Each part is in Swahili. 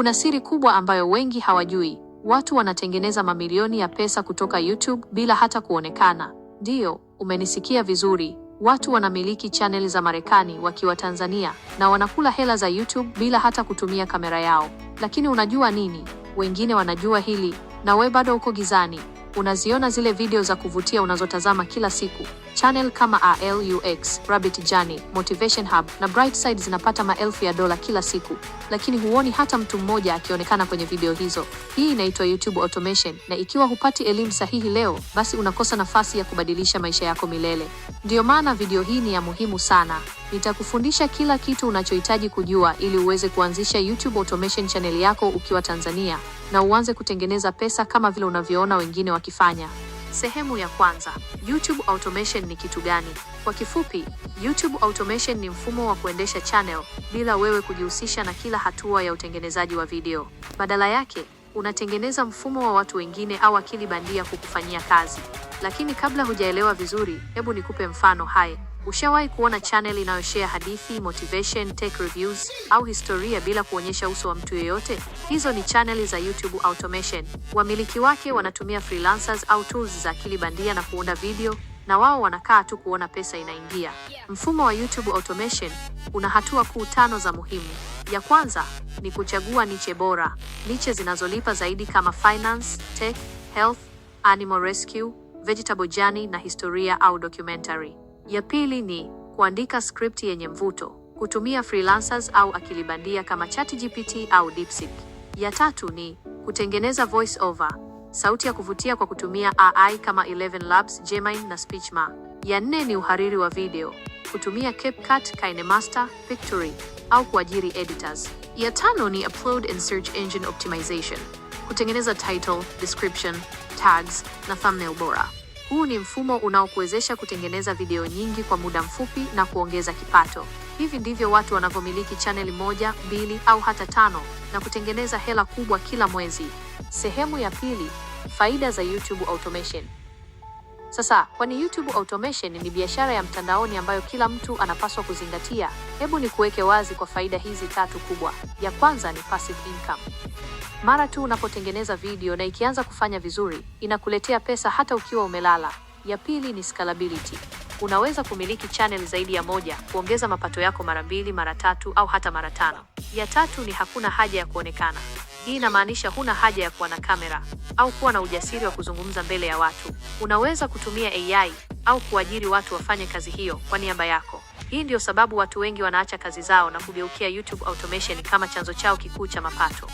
Kuna siri kubwa ambayo wengi hawajui. Watu wanatengeneza mamilioni ya pesa kutoka YouTube bila hata kuonekana. Ndiyo, umenisikia vizuri. Watu wanamiliki chaneli za Marekani wakiwa Tanzania na wanakula hela za YouTube bila hata kutumia kamera yao. Lakini unajua nini? Wengine wanajua hili na we bado uko gizani unaziona zile video za kuvutia unazotazama kila siku. Channel kama ALUX, Rabbit Journey, Motivation Hub na Brightside zinapata maelfu ya dola kila siku, lakini huoni hata mtu mmoja akionekana kwenye video hizo. Hii inaitwa YouTube automation, na ikiwa hupati elimu sahihi leo, basi unakosa nafasi ya kubadilisha maisha yako milele. Ndiyo maana video hii ni ya muhimu sana. Nitakufundisha kila kitu unachohitaji kujua ili uweze kuanzisha YouTube automation channel yako ukiwa Tanzania na uanze kutengeneza pesa kama vile unavyoona wengine wa wakifanya. Sehemu ya kwanza, YouTube automation ni kitu gani? Kwa kifupi, YouTube automation ni mfumo wa kuendesha channel bila wewe kujihusisha na kila hatua ya utengenezaji wa video. Badala yake, unatengeneza mfumo wa watu wengine au akili bandia kukufanyia kazi. Lakini kabla hujaelewa vizuri, hebu nikupe mfano hai. Ushawahi kuona channel inayoshare hadithi, motivation, tech reviews au historia bila kuonyesha uso wa mtu yeyote? Hizo ni channel za YouTube Automation. Wamiliki wake wanatumia freelancers au tools za akili bandia na kuunda video na wao wanakaa tu kuona pesa inaingia. Mfumo wa YouTube Automation una hatua kuu tano za muhimu. Ya kwanza ni kuchagua niche bora, niche zinazolipa zaidi kama finance, tech, health, animal rescue vegetable journey na historia au documentary. Ya pili ni kuandika script yenye mvuto, kutumia freelancers au akili bandia kama ChatGPT au DeepSeek. Ya tatu ni kutengeneza voice over, sauti ya kuvutia kwa kutumia AI kama Eleven Labs, Gemini na Speechma. Ya nne ni uhariri wa video, kutumia CapCut, KineMaster, Pictory au kuajiri editors. Ya tano ni upload and search engine optimization, kutengeneza title, description tags na thumbnail bora. Huu ni mfumo unaokuwezesha kutengeneza video nyingi kwa muda mfupi na kuongeza kipato. Hivi ndivyo watu wanavyomiliki chaneli moja, mbili au hata tano na kutengeneza hela kubwa kila mwezi. Sehemu ya pili, faida za YouTube automation. Sasa, kwani YouTube automation ni biashara ya mtandaoni ambayo kila mtu anapaswa kuzingatia? Hebu ni kuweke wazi kwa faida hizi tatu kubwa. Ya kwanza ni passive income. Mara tu unapotengeneza video na ikianza kufanya vizuri, inakuletea pesa hata ukiwa umelala. Ya pili ni scalability. Unaweza kumiliki channel zaidi ya moja, kuongeza mapato yako mara mbili, mara tatu au hata mara tano. Ya tatu ni hakuna haja ya kuonekana. Hii inamaanisha huna haja ya kuwa na kamera au kuwa na ujasiri wa kuzungumza mbele ya watu. Unaweza kutumia AI au kuajiri watu wafanye kazi hiyo kwa niaba yako. Hii ndio sababu watu wengi wanaacha kazi zao na kugeukia YouTube automation kama chanzo chao kikuu cha mapato.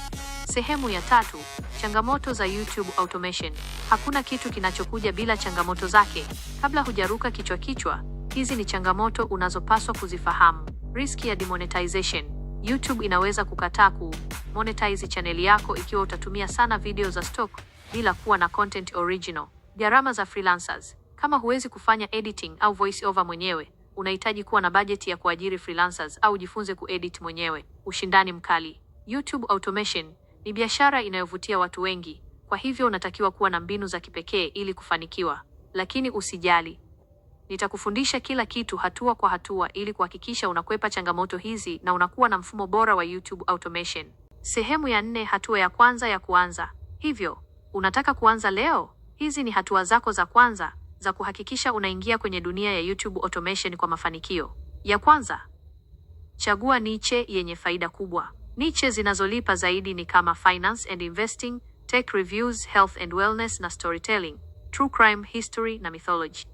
Sehemu ya tatu, changamoto za YouTube automation. Hakuna kitu kinachokuja bila changamoto zake. Kabla hujaruka kichwa kichwa, hizi ni changamoto unazopaswa kuzifahamu. risk ya demonetization. YouTube inaweza kukataa ku monetize chaneli yako ikiwa utatumia sana video za stock bila kuwa na content original. Gharama za freelancers. Kama huwezi kufanya editing au voice over mwenyewe, unahitaji kuwa na bajeti ya kuajiri freelancers au jifunze kuedit mwenyewe. Ushindani mkali. YouTube automation ni biashara inayovutia watu wengi, kwa hivyo unatakiwa kuwa na mbinu za kipekee ili kufanikiwa. Lakini usijali, nitakufundisha kila kitu hatua kwa hatua ili kuhakikisha unakwepa changamoto hizi na unakuwa na mfumo bora wa YouTube automation. Sehemu ya nne, hatua ya kwanza ya kuanza. Hivyo unataka kuanza leo? Hizi ni hatua zako za kwanza za kuhakikisha unaingia kwenye dunia ya YouTube automation kwa mafanikio. Ya kwanza, chagua niche yenye faida kubwa. Niche zinazolipa zaidi ni kama finance and investing, tech reviews, health and wellness na storytelling, true crime, history na mythology.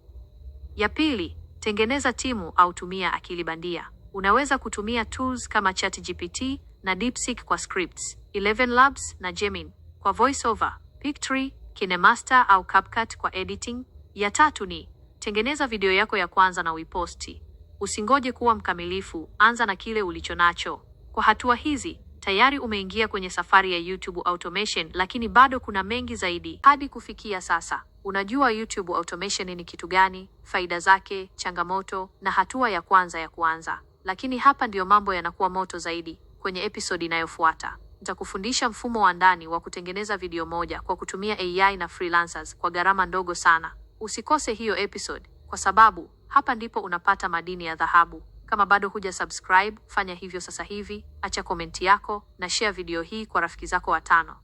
Ya pili, tengeneza timu au tumia akili bandia. Unaweza kutumia tools kama ChatGPT na DeepSeek kwa scripts, Eleven Labs na Gemini kwa voiceover, Pictree, KineMaster au CapCut kwa editing. Ya tatu ni tengeneza video yako ya kwanza na uiposti. Usingoje kuwa mkamilifu, anza na kile ulichonacho. Kwa hatua hizi tayari umeingia kwenye safari ya YouTube automation, lakini bado kuna mengi zaidi hadi kufikia sasa. Unajua YouTube automation ni kitu gani, faida zake, changamoto na hatua ya kwanza ya kuanza. Lakini hapa ndiyo mambo yanakuwa moto zaidi. Kwenye episodi inayofuata nitakufundisha mfumo wa ndani wa kutengeneza video moja kwa kutumia AI na freelancers kwa gharama ndogo sana. Usikose hiyo episode, kwa sababu hapa ndipo unapata madini ya dhahabu. Kama bado huja subscribe, fanya hivyo sasa hivi, acha komenti yako na share video hii kwa rafiki zako watano.